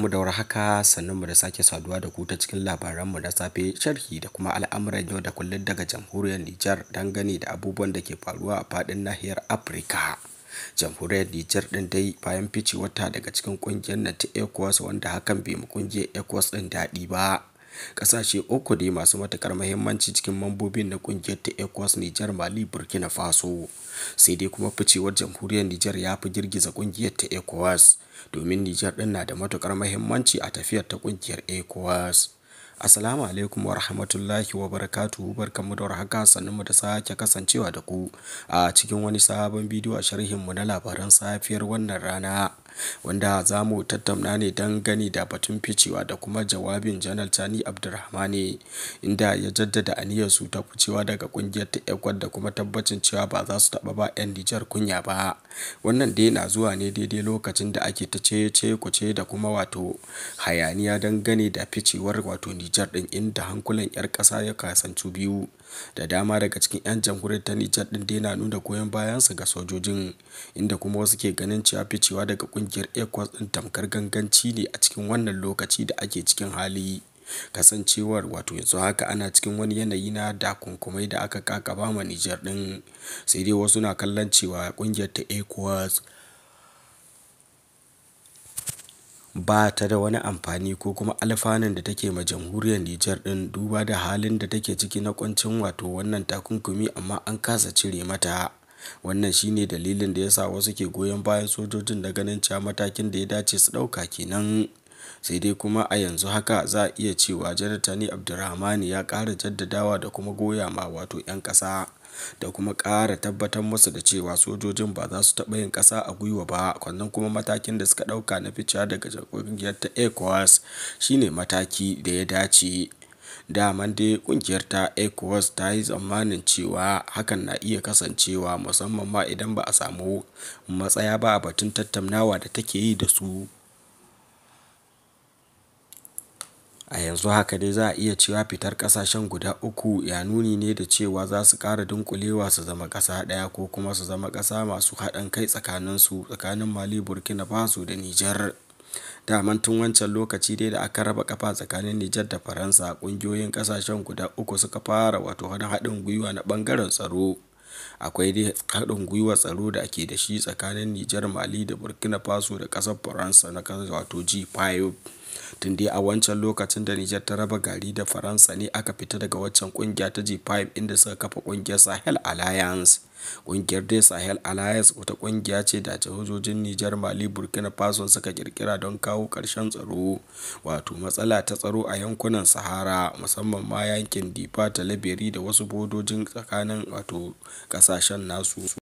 mu da warhaka sannunmu da sake saduwa da ku ta cikin labaran mu na safe sharhi da kuma al'amuran yau da kullum daga jamhuriyar Nijar dangane da abubuwan da ke faruwa a fadin nahiyar Afirka. jamhuriyar Nijar din dai bayan ficewarta daga cikin kungiyar na ta ECOWAS wanda hakan bai mu kungiyar ECOWAS din daɗi ba Ƙasashe uku dai masu matukar mahimmanci cikin mambobin na ƙungiyar ta ECOWAS niger Mali Burkina Faso. Sai dai kuma ficewar jamhuriyar Niger ya fi girgiza ƙungiyar ta ECOWAS domin Niger ɗin na da matukar mahimmanci a tafiyar ta kungiyar ECOWAS. Assalamu alaikum wa rahmatullahi wa barakatuhu barkanmu da warhaka mu da sake kasancewa da ku a cikin wani sabon bidiyo a sharhin mu na labaran safiyar wannan rana. wanda za mu tattauna ne don gani da batun ficewa da kuma jawabin janar Sani Abdulrahmani inda ya jaddada aniyar su ta ficewa daga kungiyar ta ekwad da kuma tabbacin cewa ba za su taɓa ba 'yan Nijar kunya ba. Wannan dai na zuwa ne daidai lokacin da ake ta ce ce kuce da kuma wato hayaniya don gani da ficewar wato Nijar din inda hankulan 'yar kasa ya kasance biyu. da dama daga cikin 'yan jamhuriyar ta Nijar din dai na nuna goyon su ga sojojin inda kuma wasu ke ganin cewa ficewa daga kungiyar ƙungiyar ecos ɗin tamkar ganganci ne a cikin wannan lokaci da ake cikin hali kasancewar wato yanzu haka ana cikin wani yanayi na takunkumai da aka kakaba ma Nijar ɗin sai dai wasu na kallon cewa ƙungiyar ta ecos ba ta da wani amfani ko kuma alfanun da take ma jamhuriyar Nijar ɗin duba da halin da take ciki na kwancin wato wannan takunkumi amma an kasa cire mata Wannan shine dalilin da ya sa wasu ke goyon bayan sojojin da ganin cewa matakin da ya dace su ɗauka kenan. Sai dai kuma a yanzu haka za a iya cewa Janar Tani Abdurrahmani ya kara jaddadawa da kuma goya ma wato 'yan ƙasa da kuma ƙara tabbatar musu da cewa sojojin ba za su taɓa yin ƙasa a gwiwa ba kwannan kuma matakin da suka ɗauka na ficewa daga ƙungiyar ta ECOWAS shine mataki da ya dace. Daman dai ƙungiyar ta ECOWAS ta yi tsammanin cewa hakan na iya kasancewa musamman ma idan ba a samu matsaya ba a batun tattaunawa da take yi da su. A yanzu haka dai za a iya cewa fitar kasashen guda uku ya nuni ne da cewa za su ƙara dunkulewa su zama ƙasa ɗaya ko kuma su zama ƙasa masu haɗin kai tsakaninsu tsakanin Mali, Burkina Faso da Nijar. daman tun wancan lokaci dai da aka raba kafa tsakanin Nijar da Faransa kungiyoyin kasashen guda uku suka fara wato wani haɗin gwiwa na ɓangaren tsaro akwai dai haɗin gwiwa tsaro da ake da shi tsakanin Nijar Mali da Burkina Faso da ƙasar Faransa na wato G5 Tun dai a wancan lokacin da Nijar ta raba gari da Faransa ne aka fita daga waccan kungiya ta G5 inda suka kafa kungiyar Sahel Alliance. kungiyar dai Sahel Alliance wata kungiya ce da jihojin Nijar, Mali, Burkina Faso suka kirkira don kawo ƙarshen tsaro, wato matsala ta tsaro a yankunan Sahara, musamman ma yankin Difa ta Tilaberi da wasu bodojin tsakanin wato ƙasashen nasu.